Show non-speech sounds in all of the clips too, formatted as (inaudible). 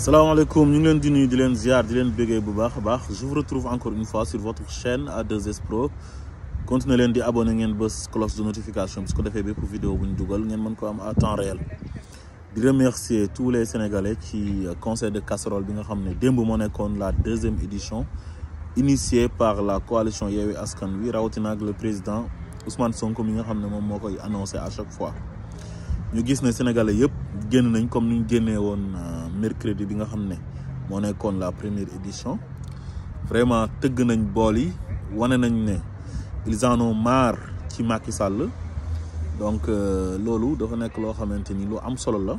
Salam ñu ngi leen di di leen ziar di je vous retrouve encore une fois sur votre chaîne A2S Pro continuez à vous abonné ngeen la cloche de notification que su ko fait pour vidéo de Google, vous ngeen mën ko à temps réel Je remercie tous les sénégalais qui euh, ont de casserole bi nga casserole, la deuxième édition initiée par la coalition Yewwi Askan Wi le président Ousmane Sonko qui nga annoncé à chaque fois ñu gis ne sénégalais yépp génn nañ comme ni ñu génnee woon euh, mercredi bi nga xam ne moo nekkoon la première édition vraiment tëgg nañ bool yi wane nañ ne ils en ont marre ci Macky Sall donc euh, loolu dafa nekk loo xamante ni lu am solo la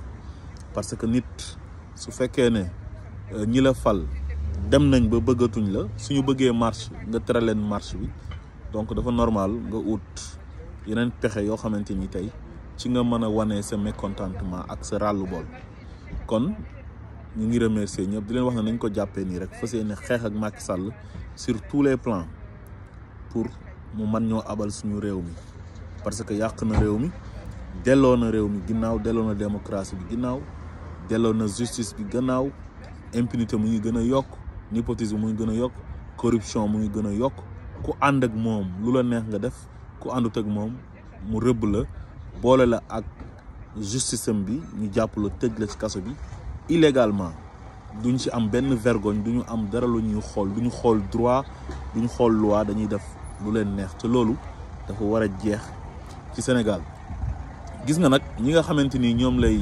parce que nit su fekkee ne euh, ñi la fal dem nañ ba bëggatuñ la suñu bëggee marche nga tere leen marche bi donc dafa normal nga ut yeneen pexe yoo xamante ni tey ci nga mën a wane sa mécontentement ak sa ràllu bool kon ñu ngi remercier ñëpp di leen wax ne nañ ko jàppee nii rek fas yéene xeex ak Macky Sall sur tous les plans pour mu man ñoo abal suñu réew mi parce que yàq na réew mi delloo na réew mi ginnaaw delloo na démocratie bi ginnaaw delloo na justice bi gannaaw impunité mu ngi gën a yokk népotisme mu ngi gën a yokk corruption mu ngi gën a yokk ku ànd ak moom lu la neex nga def ku àndut ak moom mu rëbb la boole la ak justice bi ñu japp lu tëj la ci kaso bi illégalement duñ ci am benn vergogne duñu am dara lu ñuy xol duñu xol droit duñu xol loi dañuy def lu leen neex te loolu dafa wara jeex ci Sénégal gis nga nak ñi nga xamanteni ñom lay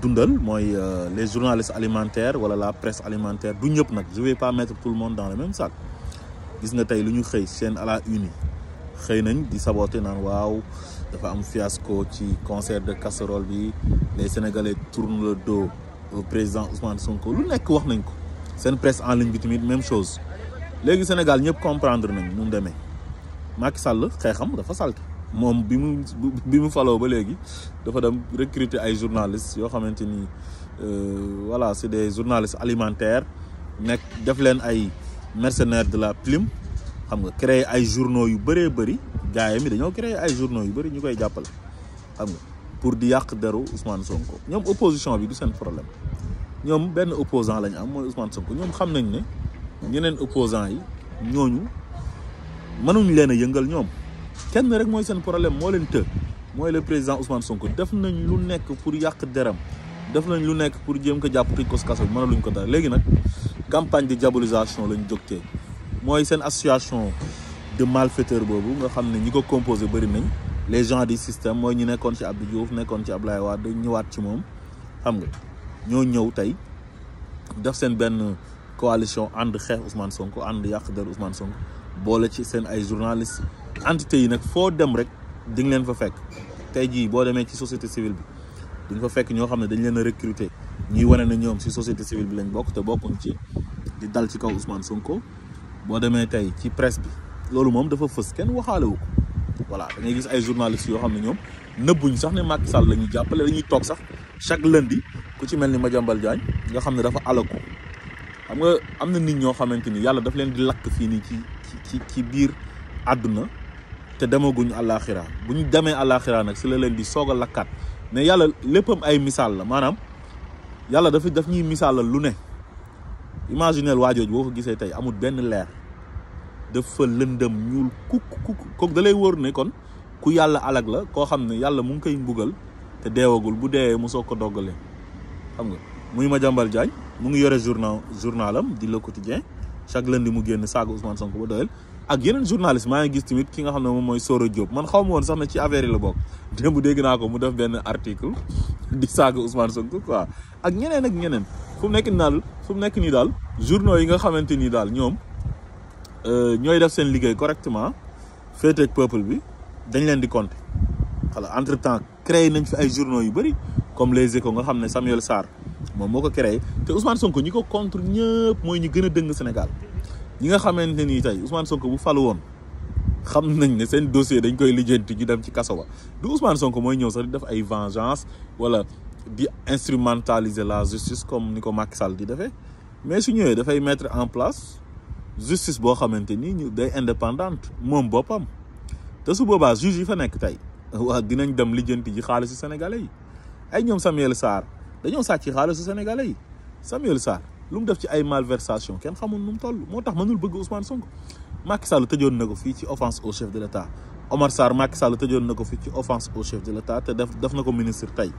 dundal moy euh, les journalistes alimentaires wala la presse alimentaire du ñep nak je vais pas mettre tout le monde dans le même sac gis nga tay lu ñu xey seen à la une xëy nañ di saboté naan waaw dafa am fiasco ci concert de casserole bi les sénégalais tournent le dos au président Ousmane Sonko lu nekk wax nañ ko seen presse en ligne bi tamit même chose léegi Sénégal ñëpp comprendre nañ nu mu demee Macky Sall xeexam dafa salte moom bi mu bi mu falo ba léegi dafa dem recruter ay journalistes yoo xamante ni euh, voilà c'est des journalistes alimentaires nekk def leen ay mercenaires de la plume xam nga créer ay journaux yu bëree bëri gaayam yi dañoo créer ay journaux yu bëri ñu koy jàppale xam nga pour di yàq deru Ousmane Sonko ñoom opposition bi du seen problème ñoom benn opposant lañu am mooy son Sonko ñoom xam nañ ne ñeneen opposant yi ñooñu mënuñ leen a yëngal ñoom kenn rek mooy seen problème moo leen të mooy le président Ousmane Sonko def nañ lu nekk pour yàq deram def nañ lu nekk pour jéem ko jàpp tëj ko si kaso bi mënaluñ ko dara léegi nag campagne de diabolisation lañ jógtee mooy seen association de malfaiteurs bobu nga xam ne ñi ko composé bari nañ les gens du système mooy ñu nekkoon ci Abdou Diouf nekkoon ci Abdoulaye Wade ñëwaat ci mom xam nga ñoo ñëw tay def sen ben coalition and xeex Ousmane Sonko and yàq der Ousmane Sonko boole ci sen ay journalistes entité yi nak fo dem rek di nga leen fa fekk tay ji bo démé ci société civile bi di nga fa fekk ño xam dañ leen recruter ñi wone na ñoom ci société civile bi lañ bokk te bokkuñ ci di dal ci kaw Ousmane Sonko. boo demee tey ci presse bi loolu moom dafa fës kenn waxaalewu ko voilà da ngay gis ay journalistes yoo xam ne ñoom nëbbuñ sax ne Macky Sall la ñuy jàppale lañuy toog sax chaque lundi ku ci mel ni ma Madiambal Diagne nga xam ne dafa alaku xam nga am na nit ñoo xamante ni yàlla daf leen di lakk fii nii ci ci ci biir àdduna te demaguñu àllaaxira bu ñu demee àllaaxira nag si la leen di soog a lakkaat mais yàlla léppam ay misaal la maanaam yàlla dafa daf ñuy misaalal lu ne imaginel waajooj boo ko gisee tey amul benn leer dafa lëndëm ñuul kuk kuk kooku da lay wóor ne kon ku yàlla alag la koo xam ne yàlla mu ngi koy mbugal te deewagul bu deewee mu soog ko doggalee xam nga muy jàmbal Diagne mu ngi yore journal journalam di Le Quotidien chaque lundi mu génn saaga Ousmane Sonko ba ak yeneen journaliste maa ngi gis tamit ki nga xam ne moom mooy Soro Diop man xaw ma woon sax na ci affaire yi la bokk (laughs) démb dégg naa ko mu def benn article (laughs) di saaga Ousmane Sonko quoi ak ñeneen ak ñeneen fu mu nekk nii daal fu mu nekk nii daal journaux yi nga xamante ni daal ñoom. Euh, ñooy def seen liggéey correctement féete ak peuple bi dañ leen di compter voilà entre temps créé nañ fi ay journaux yu bari comme les Échos nga xam ne Samuel Sarr moom moo ko créé te Ousmane Sonko ñi ko contre ñëpp mooy ñu gën a dëng Sénégal ñi nga xamante ni tey Ousmane Sonko bu falu woon xam nañ ne seen dossier dañ koy lijjanti ñu dem ci kaso ba du Ousmane Sonko mooy ñëw sax di def ay vengeance wala di instrumentaliser la justice comme ni ko Macky Sall di defee mais su ñëwee dafay mettre en place. justice bo xamante ni ñu day indépendante mom bopam te su boba juge yi fa nek tay wa dinañ dem lijeenti ji xaalisu sénégalais yi ay ñom Samuel sar dañu sàcc ci xaalisu sénégalais yi Samuel sar lu mu def ci ay malversation ken xamul nu mu toll moo tax bëgg Ousmane Sonko Macky Sall tejon nako fi ci offense au chef de l'État Omar sar Macky Sall tejon nako fi ci offense au chef de l'État te def def na ministre tay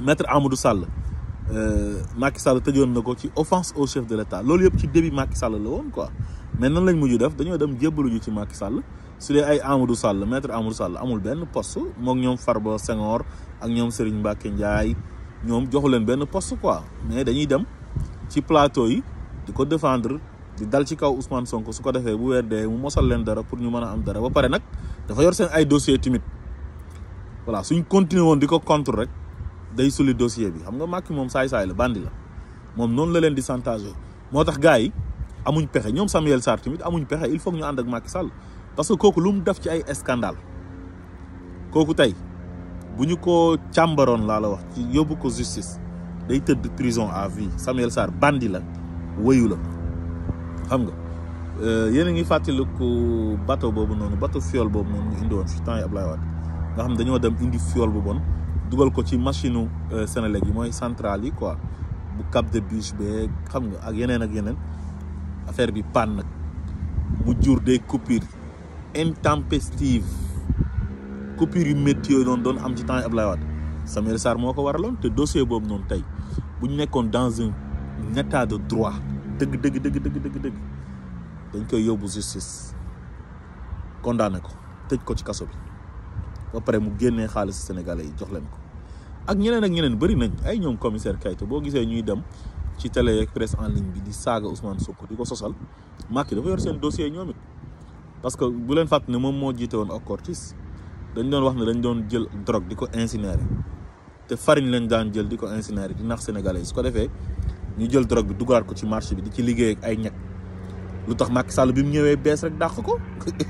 maître Amadou Sall Euh, Macky Sall tëjoon na ko ci offense au chef de l'État lolou petit ci début Macky Sall la quoi mais nan lañ muju def dañu dem jébbalu ji ci Macky Sall su dee ay Amadou Sall maître Amadou Sall amul ben poste mok ñom Farbo Senghor ak ñom Serigne Mbacké Ndiaye ñom joxu leen poste quoi mais dañuy dem ci plateau yi diko de défendre di dal ci kaw Ousmane Sonko su ko défé bu wérdé mu mosal len dara pour ñu mëna am dara ba paré nak dafa yor sen ay dossier timide voilà suñ continuer won diko ko contre rek. day suli dossier bi xam nga Macky moom saay-saay la bandi la moom noonu la leen di chantage moo tax gars yi amuñ pexe ñoom Samuel Sarr tamit amuñ pexe il faut ñu ànd ak Macky Sall parce que kooku lu mu def ci ay scandale kooku tey bu ñu ko càmbaroon laa la wax ci yóbbu ko justice day tëdd prison à vie Samuel Sarr bandi la wéyu la xam nga euh, yéen a ngi fàttaliku bateau boobu noonu bateau fiol boobu noonu ñu indi woon si temps yi Ablaye Wade nga xam dañoo dem indi fiol bu bon dugal ko ci machine u euh, centrale quoi cap de biche ben, xam nga ak affaire bi panne des coupures intempestives coupures donne un temps à Ça Samuel Sarr Le te dossier bob non vous n'êtes dans un état de droit dëgg dëgg dëgg justice condamné ko ko ci Sénégalais ak ñeneen ak ñeneen bari nañ ay ñoom commissaire Kayte boo gisee ñuy dem ci télé yeeg presse en ligne bi di saaga Ousmane sokko di ko sosal Macky dafa yor seen dossier ñoom parce que bu leen fàtt ne moom moo jiite woon ak Cortis dañ doon wax ne dañ doon jël drogue di ko incinérer te farine lañ daan jël di ko incinérer di nax sénégalais su ko defee ñu jël drogue bi dugalaat ko ci marché bi di ci liggéey ak ay ñag lu tax Macky Sall bi mu ñëwee bees rek dàq ko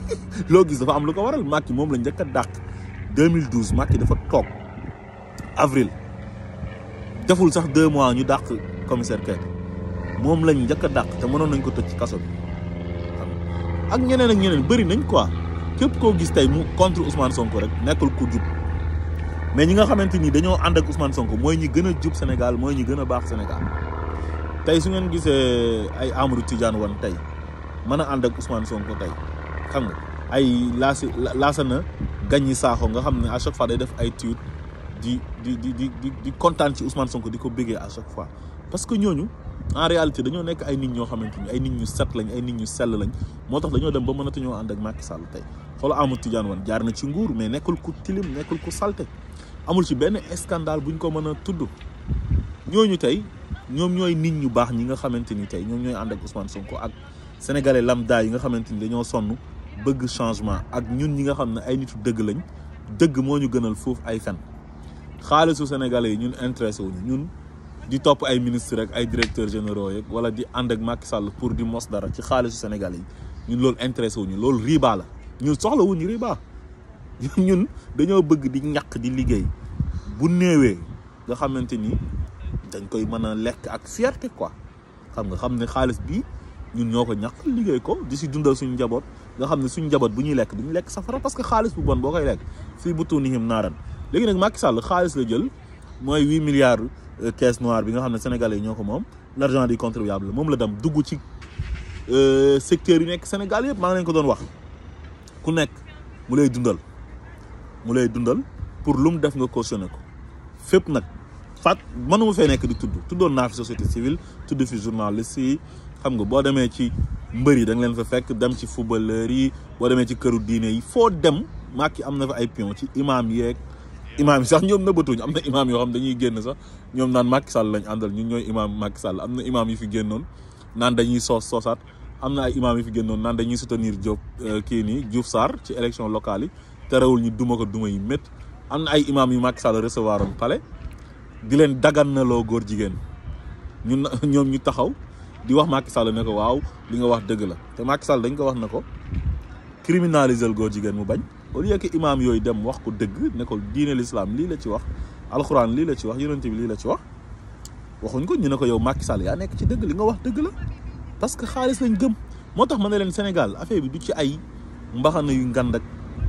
(laughs) loo gis dafa am lu ko waral Macky moom la njëkk a dàq 2012 Macky dafa toog. avril deful sax deux mois ñu dàq commissaire Keita moom lañ njëkk a dàq te mënoon nañ ko tëj ci kaso bi ak ñeneen ak ñeneen bëri nañ quoi képp koo gis tey mu contre Ousmane Sonko rek nekkul ku jub mais ñi nga xamante ni dañoo ànd ak Ousmane Sonko mooy ñi gën a jub Sénégal mooy ñi gën a baax senegal tey su ngeen gisee ay Amadou Tidiane wan tey mën a ànd ak Ousmane Sonko tey xam nga ay laasi laasana gàññi saaxo nga xam ne à chaque fois day def ay tweet di di di di di kontaan ci Ousmane Sonko diko ko à chaque fois parce que ñooñu en réalité dañu nek ay nit ñoo xamanteni ay nit ñu set lañ ay nit ñu sel lañ motax dañu dem ba mëna tuñu and ak Macky Sall tay xoolal Amadou Tidiane Wane jaar na ci nguur mais nekkul ku tilim nekkul ku salté amul ci benn scandale buñ ko mëna tuddu tudd ñooñu tey ñoom ñooy nit ñu bax ñi nga xamanteni tay ñom ñoy and ak Ousmane Sonko ak sénégalais lambda yi nga xamanteni ni dañoo sonn bëgg changement ak ñun ñi nga xam ay nitu dëgg lañ dëgg moñu gënal fofu ay fen xaalisu sénégalais yi ñun intéressé wuñu ñun di topp ay ministre rek ay directeurs généraux yi wala di ànd ak Macky sàll pour di mos dara ci xaalisu sénégalais yi ñun loolu wu ñu loolu riba la ñun soxla wu wuñu riba (laughs) ñun dañoo bëgg di ñàq di liggéey bu néewee nga xamante ni dañ koy mën a lekk ak fierté ko xam nga xam ne xaalis bi ñun ñoo ko ñàq liggéey ko di si dundal suñu njaboot nga xam ne suñu njaboot bu ñu lekk bu ñu lekk safara parce que xaalis bu bon boo koy lekk fii bu tuunihim naaran léegi nag Macky Sall xaalis la jël mooy huit milliards euh, caisse noire bi nga xam ne sénégal yi ñoo ko moom l' argent du contribuable moom la dem dugg ci euh, secteur yi nekk Sénégal yëpp maa ngi leen ko doon wax ku nekk mu lay dundal mu lay dundal pour lu mu def nga cautionné ko fépp nag fat mënuma fee nekk di tudd tuddoon naa fi société civile tudd fi journaliste yi xam nga boo demee ci mbër yi da leen fa fekk dem ci footballeur yi boo demee ci këru diine yi foo dem Macky am na ay pion ci imam yeeg imaam yi sax ñoom nëbbatuñu am na imaam yoo xam dañuy génn sax ñoom naan Macky Sall lañ àndal ñun ñooy imaam Macky Sall am na imaam yi fi génnoon naan dañuy soos soosaat am na ay imaam yi fi génnoon naan dañuy soutenir Diop euh, kii nii Diouf Sarr ci élection locale yi terewul ñu duma ko duma yi métt am na ay imaam yu Macky Sall recevoir oon palais di leen dagan na góor jigéen ñun (laughs) ñoom ñu taxaw di wax Macky Sall ne waaw li nga wax dëgg la te Macky Sall dañ ko wax na ko criminaliser góor jigéen mu bañ au lieu que imaam yooyu dem wax ko dëgg ne ko diine lislaam lii la ci wax alxuraan lii la ci wax yonent bi lii la ci wax waxuñ ko ñu ne ko yow Macky Sall yaa nekk ci dëgg li nga wax dëgg la parce que xaalis lañ gëm moo tax ma ne leen Sénégal affaire bi du ci ay mbaxana yu ngand ak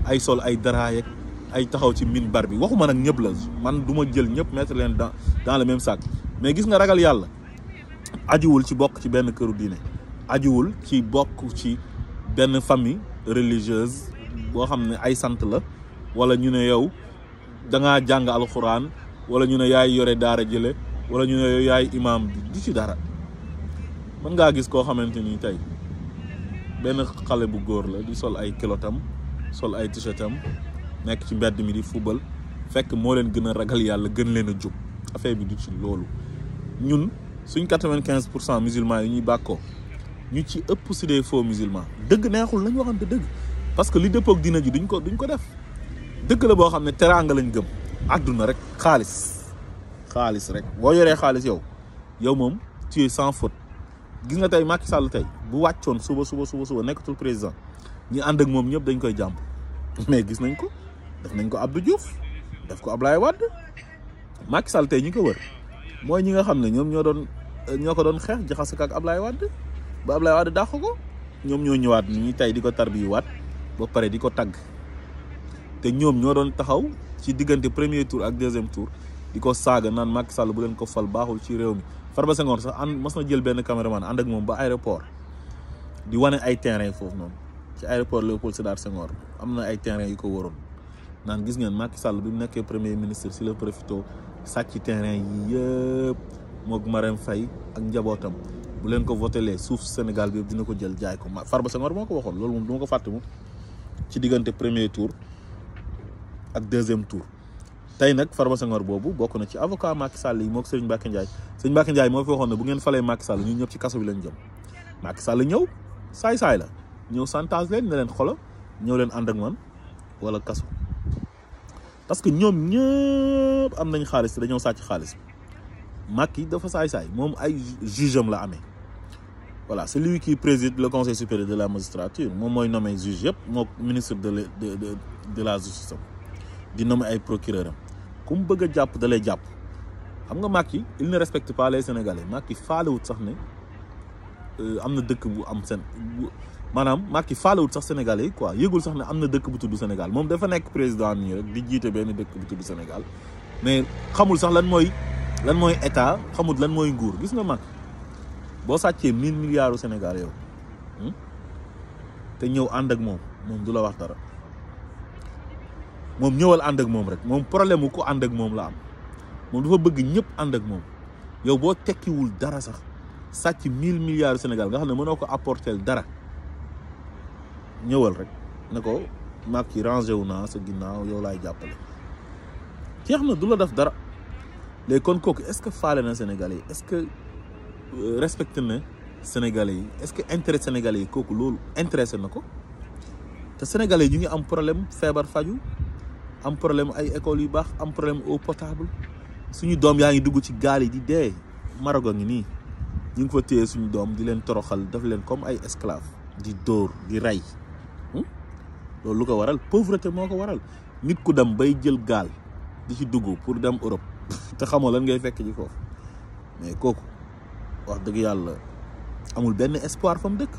ay sol ay daraayeeg ay taxaw ci min bar bi waxuma nag ñëpp la man du ma jël ñëpp mettre leen dans dans le même sac mais gis nga ragal yàlla ajuwul ci bokk ci benn këru diine ajuwul ci bokk ci benn famille religieuse boo xam ne ay sant la wala ñu ne yow da ngaa jàng alxuraan wala ñu ne yaay yore daara jële wala ñu ne yow yaay imaam du ci dara mën ngaa gis koo xamante ni tey benn xale bu góor la di sol ay kilotam sol ay t nekk ci mbedd mi di fubal fekk moo leen gën a ragal yàlla gën leen a jóg affaire bi du ci loolu ñun suñ quatre-vingt-quinze pour cent musulmans yi ñuy bàkkoo ñu ci ëpp si des faux musulmans dëgg neexul nañu waxante dëgg parce que li depok dina ji duñ ko duñ ko def deug la bo xamne ne lañ gëm aduna rek khalis khalis rek bo yoré khalis yow yow mom tu es sans faute gis nga tay Macky Sall tay bu waccion suba suba suba suba nekkatul président ñi and ak mom ñep dañ koy jàmp (laughs) mais gis nañ ko def nañ ko Abdou Diouf def ko Ablaye Wad Macky Sall tay ñi ko wër moy ñi nga xamne ñom ño doon ñoo doon xex Ablaye Wad ba Ablaye Wad dàq ko ñoo ñewat ñi tay di tarbi wat ba pare di tag té te ñoom ñoo doon taxaw ci digënté premier tour ak deuxième tour di saga nan naan Macky Sall bu leen ko fal baaxul ci réew mi Farba sangor sax and mësna jël ben cameraman and ak mom ba aéroport di wane ay terrain fofu non ci aéroport Léopold Sédar Senghor amna ay terrain yu ko woron nan gis ngeen Macky Sall bi nekké premier ministre ci le profito sacc terrain yi yépp mok Marème Faye ak njabotam bu len ko votelee souf Sénégal bi dina ko jël jaay ko Farba sangor moko waxon lolou loolu ko ci diggante premier tour ak deuxième tour tay nak Farba sangor bobu bokku na ci avocat Macky Sall yi mok Serigne Mbacké Ndiaye Serigne Mbacké Ndiaye mo fi waxone bu ngeen falee Macky Sall ñun ñëpp ci kasso bi lañ jëm Macky Sall ñëw say say la ñëw santage leen ne leen xolo ñëw leen and ak man wala kasso parce que ñom ñëp am nañ xaaliss dañu sacc xaaliss xaalis Macky dafa say say mom ay jugeam la amé voilà c'est lui qui préside le conseil supérieur de la magistrature moom mooy nommé juge yëpp moo ministre de de de de la justice di nommé ay procureur am ku mu bëgg a jàpp da xam nga Macky il ne respecte pas les sénégalais Macky faalewut sax ne euh, am na dëkk bu am seen maanaam Macky faalewut sax sénégalais quoi yëgul sax ne am na dëkk bu tudd Sénégal moom dafa nekk président nii rek di jiite benn dëkk bu tudd Sénégal mais xamul sax lan mooy lan mooy état xamul lan mooy nguur gis nga Macky boo sàccee mille milliards au Sénégal yow hmm? te ñëw ànd ak moom moom du la wax dara moom ñëwal ànd ak moom rek moom problème mu ko ànd ak moom la am moom dafa bëgg ñëpp ànd ak moom yow boo tekkiwul dara sax sàcc mille milliards Sénégal nga xam ne mënoo ko apporter dara ñëwal rek ne ko maag ci rangé wu naa sa ginnaaw yow laay jàppale. ceex na du la def dara léegi kon kooku est-ce que faale na Sénégalais est-ce que. Euh, respecté na Sénégalais yi est-ce que intérêt Sénégalais yi kooku loolu intéressé na ko te Sénégalais yi ñu ngi am problème feebar faju am problème ay écoles yu baax am problème eau potable suñu doom yaa ngi dugg ci gaal yi di dee Maroc ngi nii ñu ngi fa téye suñu doom di leen toroxal def leen comme ay esclave di dóor di rey hmm? loolu lu ko waral pauvreté moo ko waral nit ku dem bay jël gaal di ci dugg pour dem Europe te xamoo lan ngay fekk ci foofu mais wax deug yàlla amul ben espoir fam deuk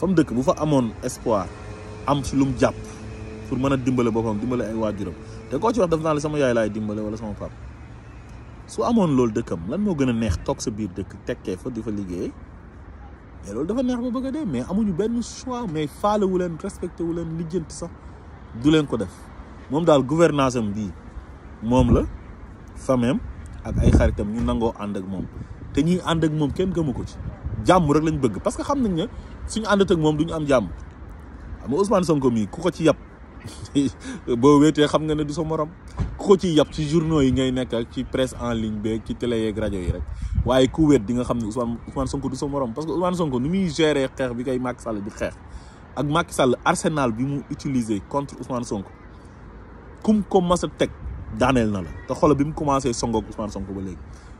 fam deuk bu fa amone espoir am ci lum jàpp pour meuna dimbale bopam dimbale ay wajuram te ko ci wax def naa la sama yaay lay dimbale wala sama pap su amone lol deukam lan mo gëna neex tok sa biir deuk tekké fa difa liggé mais lol dafa neex ba bëgg dé mais amuñu ben choix mais faale wu len respecté wu len lijeent sax du len ko def mom dal gouvernance am bi mom la famem ak ay xaritam ñu nango ànd ak mom te ñiy ànd ak moom kenn gëmu ko ci jàmm rek lañ bëgg parce que xam nañ ne suñu àndat ak moom duñu am jàmm xam nga Ousmane Sonko mii ku ko ci yab (laughs) boo wéetee xam nga ne du sa morom ku ko ci yab ci journaux yi ngay nekk ci presse en ligne beeg ci télé yeeg rajo yi rek waaye ku wét di nga xam ne Ousmane Ousmane Sonko du sa morom parce que Ousmane Sonko nu muy gérer xeex bi kay Macky Sall di xeex ak Macky Sall arsenal bi mu utiliser contre Ousmane Sonko kum ko mas a teg daaneel na la te xoolal bi mu commencé songoog Ousmane Sonko ba léegi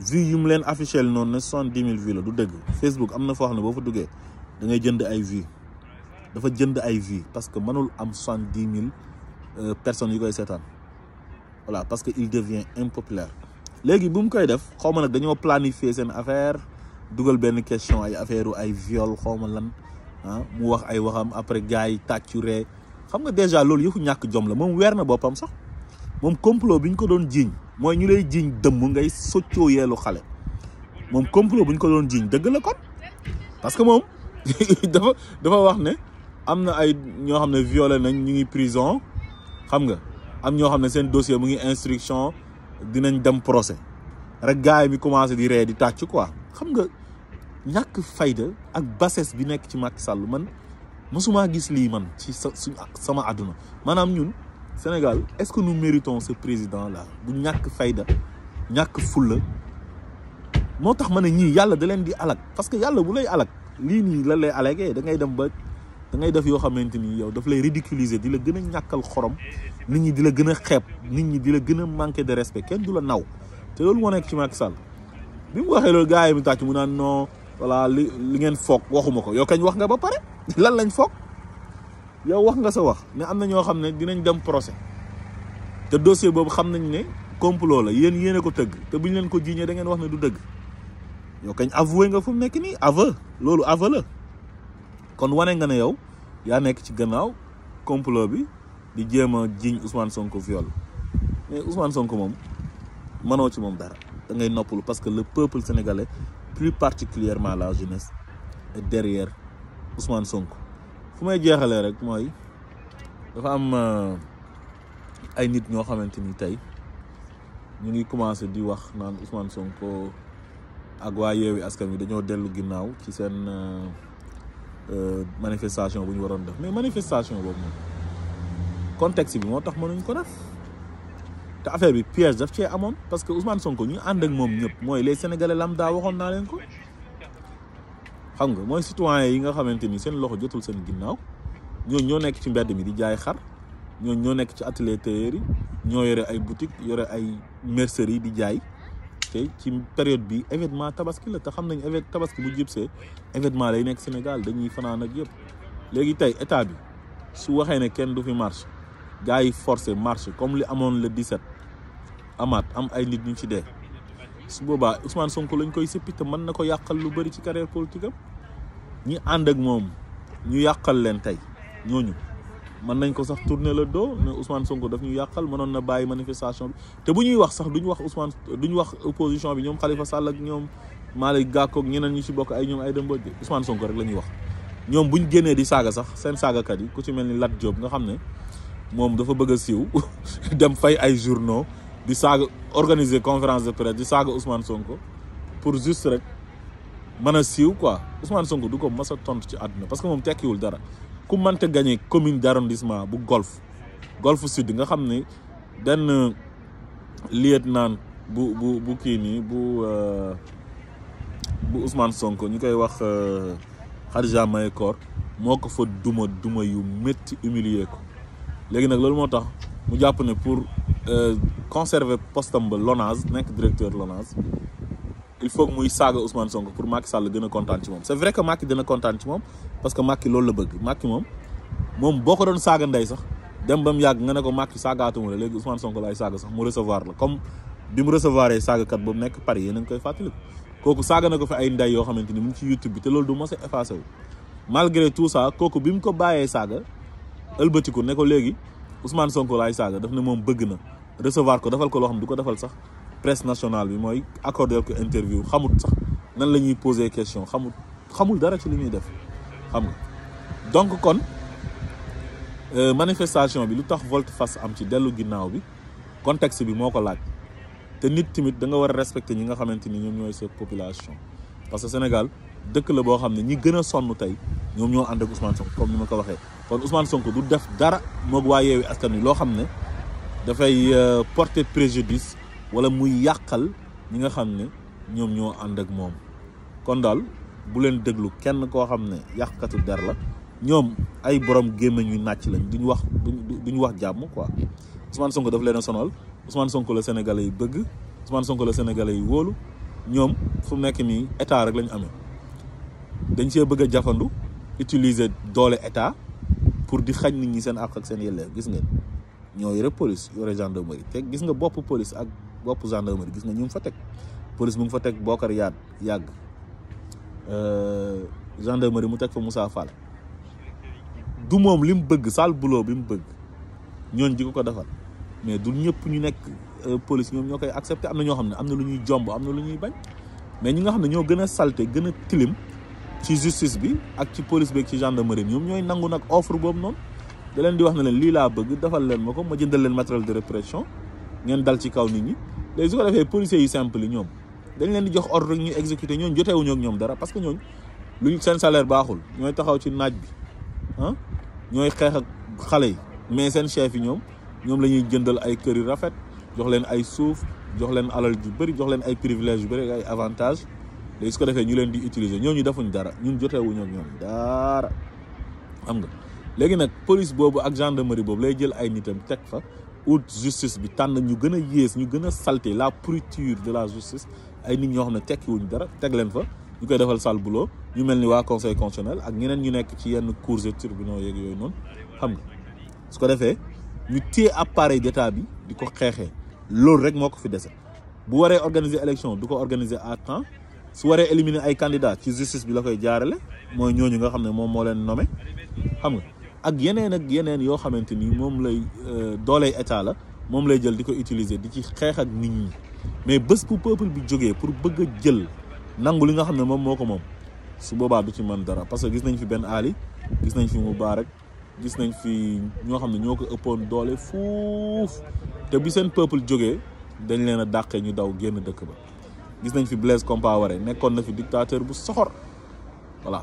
Vu yum len leen non noonu ne vues la du Facebook amna fo foo xam ne fa duggee da ngay jënd ay vues fa jënd ay vues parce que manul am soixante 000 euh, personnes yu koy sétane voilà parce que il devient impopulaire. légui bu mu koy def xawma nak nag dañoo planifier seen affaire duggal ben question ay affaire ay viol xawma lan hein mu wax ay waxam après gaay yi xam nga déjà loolu yëfu ñak jom la mom weer bopam sax mom complot biñ ko doon jiiñ mooy ñu lay jiiñ dëmm ngay soccoo yeelu xale moom complot bu ñu ko doon jiiñ dëgg la kon parce que moom (laughs) dafa dafa wax ne am na ay ñoo xam ne violé nañ ñu ngi prison xam nga am ñoo xam ne seen dossier mu ngi instruction dinañ dem procès rek gars yi mi commencé di ree di tàcc quoi xam nga ñàkk fayda ak bassesse bi nekk ci Macky Sall man mësumaa gis lii man ci sa suñ sama àdduna maanaam ñun Sénégal est-ce que nous méritons ce président là bu ñàkk fayda ñàkk fulla alak parce que alak la lay da ngay dem da def yo xamanteni yow daf lay ridiculiser dila xorom nit ñi dila gëna xép nit ñi manquer de respect kenn dula naw té loolu woné ci Sall gars mu mu non voilà li ngeen wax nga ba lan lañ yow wax nga sa wax ne amna ño ñoo dinañ dem procès te dossier bobu xamnañ ne complot la yeen yene ko teug te buñ len ko jigné da ngeen wax ne du deug yow kañ avoué nga fu nek ni nii aveu loolu aveu la kon wane nga ne yow ya nek ci gannaaw complot bi di jema a Ousmane Sonko viol mais Ousmane Sonko mom mano ci mom dara da ngay noppul parce que le peuple sénégalais plus particulièrement la jeunesse est derrière Ousmane Sonko fu may jeexalee rek mooy dafa am euh, ay nit ñoo xamante ni tey ñu ngi commencé di wax naan Ousmane Sonko ak waa Yewwi Askan Wi dañoo dellu ginnaaw ci seen euh, euh, manifestation bu ñu waroon def mais manifestation boobu moom contexte bi moo tax mënuñ ko def te affaire bi piège daf cee amoon parce que Ousmane Sonko ñu ànd ak moom ñëpp mooy les sénégalais lambda waxoon naa leen ko. xam nga moy citoyen yi nga xamanteni seen loxo jotul seen ginnaw ñoo ñoo nekk ci mbedd mi di jaay xar ñoo ñoo nekk ci atelier tailleur yi ñoo yore ay boutique yore ay mercerie di jaay té ci période bi événement tabaski la té xam nañ événement tabaski bu jipsé événement lay nekk Sénégal dañuy fanan ak yépp légui tay état bi su waxé né kenn du fi marche gaay yi forcé marche comme li amone le 17 amat am ay nit ñu ci dé su boba Ousmane Sonko lañ koy sëppi té man nako yakal lu bari ci carrière politique ñi avons ak moom ñu yàqal leen tey ñooñu mën nañ ko sax tourner le dos ne Ousmane Sonko daf ñu yàqal na la manifestation bi te wax sax duñu wax Ousmane opposition bi Khalifa Sall ak ñoom Malick ak ñeneen ci bokk ay Ousmane Sonko rek la wax. ñoom buñ génnee di saaga sax seen saagakat yi ku ci mel Lat Diop nga xam ne dafa bëgg a (laughs) dem fay ay journaux di organiser conférence de presse di Ousmane Sonko pour juste mën a siiw quoi Ousmane Sonko du ko mas a tontu ci àdduna parce que moom tekkiwul dara ku mante gagné commune d' arrondissement bu golf golf sud nga xam ne benn liet naan bu bu bu kii nii bu euh, bu Ousmane Sonko ñu koy wax euh, Khadija Mahécor moo ko fa duma duma yu métti humilier ko léegi nag loolu moo tax mu jàpp ne pour euh, conserver postam ba Lonase nekk directeur Lonase il faut que muy saaga Ousmane Sonko pour Macky Sall gën a kontaan ci moom c'est vrai que Macky dina kontaan ci moom parce que Macky loolu la bëgg Macky moom moom boo ko doon saaga ndey sax dem ba mu yàgg nga ne ko Macky saagaatuma la léegi Ousmane Sonko laay saaga sax mu recevoir la comme bi mu recevoir saagakat boobu nekk koy fàttaliku kooku saaga na ko fa ay ndey yoo xamante ni mu ngi ci YouTube bi te loolu du a effacé wu mu ko bàyyee saaga ëlbatiku ne ko léegi Ousmane Sonko laay saaga daf ne moom bëgg na recevoir ko defal ko loo xam du ko defal sax presse nationale bi moy accordé ko interview xamut sax nan lañuy poser question xamul xamul dara ci limuy def xam nga donc kon euh, manifestation bi lutax tax volte-face am ci delu ginnaaw bi contexte bi moko ko laaj te nit timit da nga wara respecter ñi nga xamante ni ñoom sa population parce que Sénégal dëkk la boo xam ne ñi gën a sonn tey ñoom ñoo ànd ak Ousmane Sonko comme ni ma ko waxee kon Ousmane Sonko du def dara moog waa Yewwi Askan Wi loo xam ne dafay euh, porter préjudice wala muy yàqal ñi nga xam ne ñoom ñoo ànd ak moom kon daal bu leen déglu kenn koo xam ne yàqkatu der la ñoom ay borom gémmiñ yu nàcc lañ duñ wax duñ wax jàmm quoi Ousmane sonk daf leen a sonal Ousmane Sonko la Sénégalais yi bëgg Ousmane Sonko la Sénégalais yi wóolu ñoom fu mu nekk nii état rek lañ amee dañ see bëgg a jafandu utiliser doole état pour di xañ nit ñi seen àq ak seen yelleef gis nga ñoo yore police yore gendarmerie te gis nga bopp police ak. bopp gendarmerie gis nga ñu ngi fa teg police mu ngi fa teg Bokar Yaad yàgg euh, gendarmerie mu teg fa Moussa Fall du moom li mu bëgg sale bulo bi mu bëgg ñooñ ji ko ko defal mais du ñëpp ñu nekk euh, police ñoom ñoo koy accepté am na ñoo xam ne am na lu ñuy jomb am na lu ñuy bañ mais ñi nga xam ne ñoo gën a salté gën a tilim ci justice bi ak ci police bi ak ci gendarmerie bi ñoom ñooy nangu nag offre boobu noonu da di wax na leen lii laa bëgg defal leen ma ko ma jëndal leen matériel de répression ngeen dal ci kaw nit ñi léegi su ko defee policiers yu simple yi ñoom dañ leen di jox ordre ñuy exécuter ñooñ jotewuñoo ak ñoom dara parce que lu ñu seen salaire baaxul ñooy taxaw ci naaj bi ah ñooy xeex ak xale yi mais seen chef yi ñoom ñoom la ñuy jëndal ay kër yu rafet jox leen ay suuf jox leen alal ju bëri jox leen ay privilege yu bëri ay avantage léegi su ko defee ñu leen di utiliser ñooñu defuñ dara ñun jotewuñoo ak ñoom dara xam nga léegi nag police boobu ak gendarmerie boobu lay jël ay nitam teg fa ut justice bi tan ñu gëna yees ñu gëna salté la pourriture de la justice ay nit ñoo xam ne wuñ dara tek leen fa ñu koy defal sal boulot ñu melni wa conseil constitutionnel ak ñeneen ñu nekk ci yenn cours de tribunaux yeeg yoy noon xam nga su ko defee ñu téye appareil d'état bi di ko xeexee loolu rek moo ko fi dese bu waree organiser élection du ko organiser à temps su waree éliminer ay candidats ci justice bi la koy jaarale mooy ñooñu nga xam ne moom moo leen nommé xam nga. ak yeneen ak yeneen yoo xamante ni moom lay dooley état la moom lay jël di ko utiliser di ci xeex ak nit ñi mais bés bu peuple bi jógee pour bëgg a jël nangu li nga xam ne moom moo ko moom su boobaa du ci mën dara parce que gis nañ fi Ben Ali gis nañ fi Moubarak gis nañ fi ñoo xam ne ñoo ko ëppoon doole fuuf te bi seen peuple jógee dañ leen a dàqee ñu daw génn dëkk ba gis nañ fi Blaise Compaoré nekkoon na fi dictateur bu soxor voilà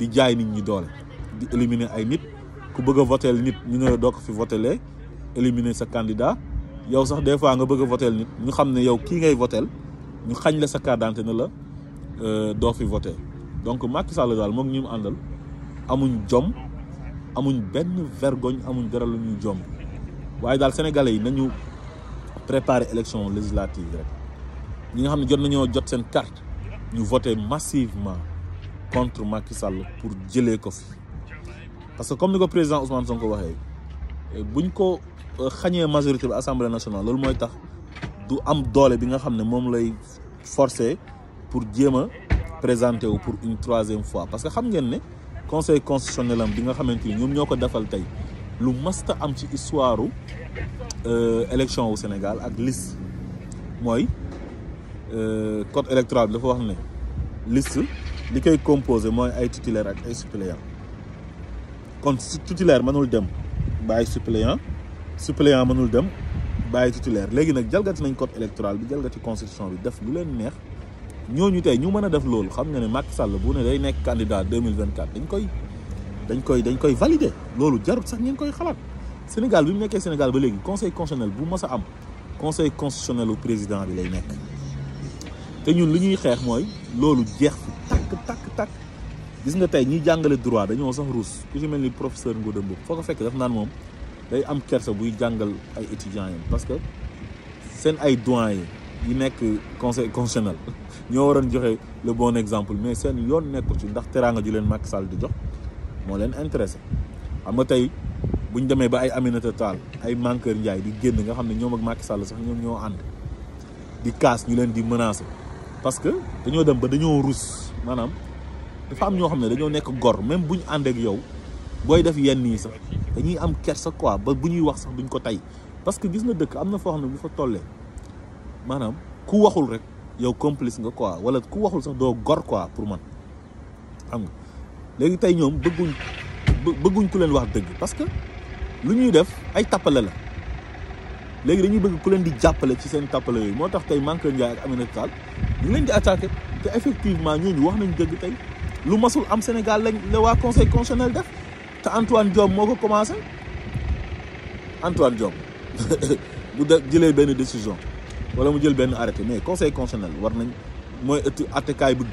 di jaay nit ñi doole di éliminer ay nit ku bëgg a votel nit ñu ne doo ko fi votelee éliminer sa candidat yow sax des fois nga bëgg a votel nit ñu xam ne yow kii ngay voter ñu xañ la sa carte d'identité ne la euh, doo fi voter donc Macky Sall daal moom ñu mu àndal amuñ jom amuñ benn vergogne amuñ dara lu ñuy jom waaye daal sénégalais yi nañu préparer élection législative rek ñi nga xam ne jot nañoo jot seen carte ñu voter massivement contre Macky Sall pour jëlee Kofi. parce que comme ni ko président Ousmane Sonko waxee eh, buñ ko eh, xañee majorité de assemblée nationale c'est mooy tax du am doole bi nga xam ne lay forcer pour jéem présenter pour une troisième fois parce que xam savez, le conseil constitutionnel am bi nga xamante ni ñoom ñoo ko defal tey lu masta am ci histoire eh, élection au Sénégal ak liste le code électoral il dafa wax ne liste li koy composé mooy ay titulaire ak ay suppléant kon titulaire mënul dem bàyyi suppléant suppléant mënul dem bàyyi titulaire léegi nag jalgati nañ code électoral bi jalgati constitution bi def lu leen neex ñooñu tey ñu mën a def loolu xam nga ne Macky Sall bu ne day nekk candidat 2024 dañ koy dañ koy dañ koy valider loolu jarut sax ngeen koy xalaat Sénégal bi mu nekkee Sénégal ba léegi conseil constitutionnel bu mës a am conseil constitutionnel u président bi lay nekk te ñun li ñuy xeex mooy loolu jeex fi takk takk takk gis nga tey ñiy jàngale droit dañoo sax ruus ku ci mel ni professeur Ngouda Mboup foo ko fekk daf naan moom day am kersa buy jàngal ay étudiants yi parce que seen ay doyen yi nekk conseil constitutionnel (laughs) ñoo waroon joxe le bon exemple mais seen yoon nekkul ci ndax teraanga ju leen Macky Sall di jox moo leen intéressé xam nga tey bu ñu demee ba ay Aminata Tall ay Mankeur Ndiaye di génn nga xam ne ñoo ak Macky Sall sax ñoom ñoo ànd di kaas ñu leen di menacer parce que dañoo dem ba dañoo ruus. maanaam dafa am ñoo xam ne dañoo nekk gor même bu ñu àndeek yow booy def yenn yi sax dañuy am sa quoi ba bu ñuy wax sax duñ ko tey parce que gis nga dëkk am na foo xam ne bu fa tollee maanaam ku waxul rek yow complice nga quoi wala ku waxul sax doo gor quoi pour man xam nga léegi tey ñoom bëgguñ bëgguñ ku leen wax dëgg parce que lu ñuy def ay tappale la léegi dañuy bëgg ku leen di jàppale ci seen tappale yooyu moo tax tey Mankeur Ndiaye ak Aminata Tall ñu leen di effectivement nous wax nañ dëgg tey lu masul am Sénégal la conseil constitutionnel def Antoine Diom moo commencé Antoine Diom (laughs) bu de une décision wala mu arrêté mais conseil constitutionnel war nañ bu a kawe bu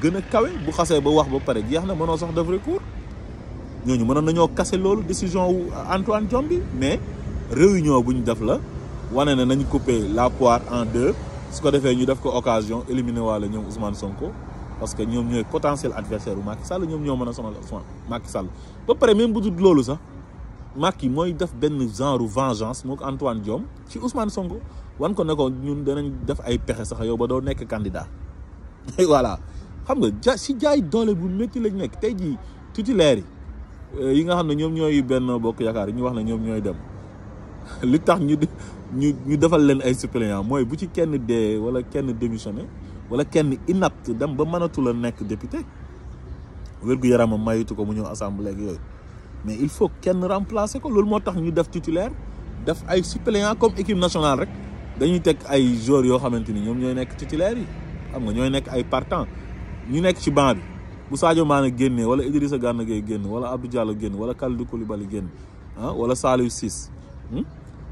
xasee ba wax ba pare jeex na sax décision wu Antoine Mais bi mais réunion bu la couper la poire en deux. su ko defee ñu def ko occasion éliminer waale ñoom Ousmane Sonko parce que ñoom ñooy potentiel adversaire bu Macky Sall ñoom ñoo mën a sonal Ousmane Macky Sall ba pare même bu loolu sax Macky mooy def benn genre vengeance moo ko Antoine Diome ci Ousmane Sonko wan ko ne ko ñun danañ def ay pexe sax yow ba doo nekk candidat (laughs) voilà xam nga ja si jaay doole bu métti lañ nekk tey jii titulaire yi euh, yi nga xam ne ñoom ñooy benn bokk yaakaar yi ñu wax ne ñoom ñooy dem (laughs) tax Nous devons defal leen ay si quelqu'un bu ci kenn démissionné inapte dem ba la député assemblée mais il faut kenn remplace ko loolu nous titulaire def suppléants comme équipe nationale rek dañuy ay joueurs Nous nekk titulaire yi partant Sadio Mané être wala Idrissa devons être Koulibaly Nous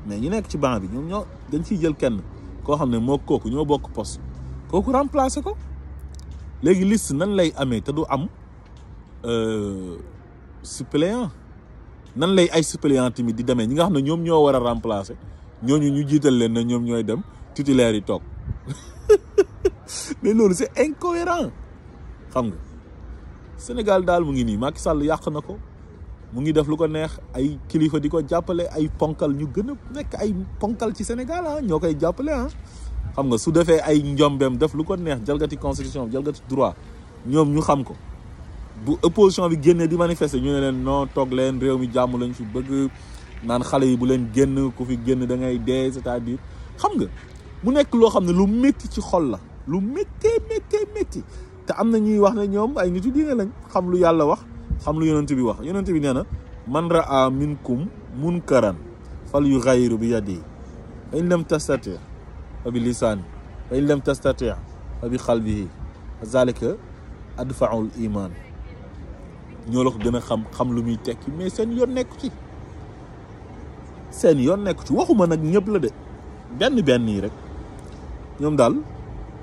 mais ñu nekk ci banc bi ñoom ñoo dañ ciy jël kenn koo xam ne moo kooku ñoo bokk poste kooku remplacer ko léegi liste nan lay amee te du am euh, suppléant nan lay ay suppléant tamit di demee ñi nga xam ne ñoom ñoo war a remplacer ñooñu ñu jiital leen na ñoom ñooy dem titulaire yi toog (laughs) mais loolu c'est incohérent xam nga Sénégal daal mu ngi nii Macky Sall yàq na ko mu ngi def lu ko neex ay kilifa di ko jàppale ay ponkal ñu gën a nekk ay ponkal ci Sénégal ah ñoo koy jàppale ah xam nga su defee ay njombeem def lu ko neex jalgati constitution jalgati droit ñoom ñu xam ko bu opposition bi génnee di manifester ñu ne leen noo toog leen réew mi jàmm lañ fi bëgg naan xale yi bu leen génn ku fi génn da ngay dee cest à xam nga mu nekk loo xam ne lu métti ci xol la lu méttee méttee te am na ñuy wax ne ñoom ay nitu diine lañ xam yàlla wax xam lu yonent bi wax yonent bi neena man raa minkum munkaran fal yu bi yadi fa in lam tastati fa bi lisan fa in lam tastati fa bi qalbihi zalika adfaul iman ñoo la ko gëna xam xam lu muy tekki mais seen yoon nekk ci seen yoon nekk ci waxuma nag ñëpp la de benn benn yi rek ñoom daal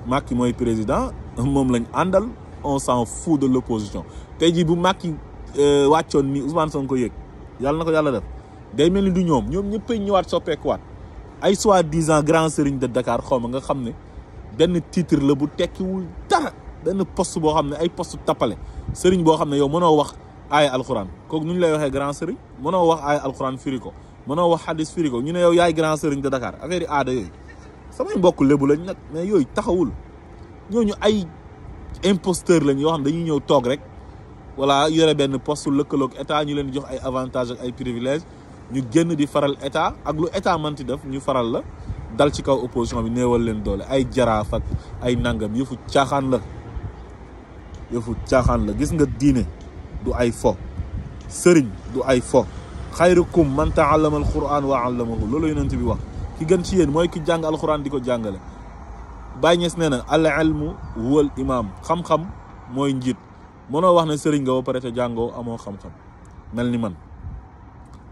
Macky mooy président moom lañ àndal on s'en fout de l'opposition tey bu Macky euh, waccion ni Ousmane Sonko yëg Yalla nako Yalla def day melni du ñom ñëwaat wat. ay soi-disant grand serigne de Dakar xom nga xam ben titre le bu tekkiwul dara ben poste bo ay poste tapalé serigne bo yow mëno wax ay alcorane kok nuñ lay grand serigne mëno wax ay alcorane mëno wax hadith ñu yow grand serigne de Dakar affaire mbokk lebu lañ nak mais yoy taxawul ñu ay imposteur lañ yoo xam dañuy ñëw toog rek voilà yore benn poste lëkkaloog état ñu leen jox ay avantage ak ay privilèges ñu génn di faral état ak lu état manti def ñu faral la dal ci kaw opposition bi néewal leen doole ay jaraaf ay nangam yëfu caaxaan la yëfu caaxaan la gis nga diine du ay fo sëriñ du ay fo xayrukum man taallama alquran wa allamahu loolu yonent bi wax ki gën ci yéen mooy ki jàng alquran di ko jàngale Baye Niass nee na al ilmu huwal imaam xam-xam mooy njiit mënoo wax ne sëriñ nga ba pare te jàngoo amoo xam-xam mel ni man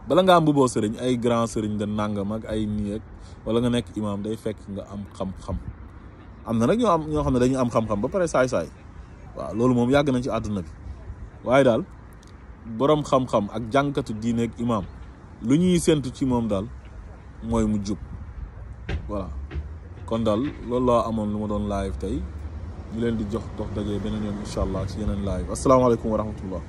bala nga am bu boo sëriñ ay grand sëriñ da nàngam ak ay nii ak wala nga nekk imaam day fekk nga am xam-xam am na nag ñoo am ñoo xam ne dañu am xam-xam ba pare saay-saay waaw loolu moom yàgg nañ ci àdduna bi waaye daal boroom xam-xam ak jànkatu diine ak imaam lu ñuy séntu ci moom daal mooy mu jub voilà kon daal loolu laa amoon lu ma doon live tey ñu leen di jox dox dajee beneen yoon incha allah ci yeneen live asalaamaaleykum wa rahmatullah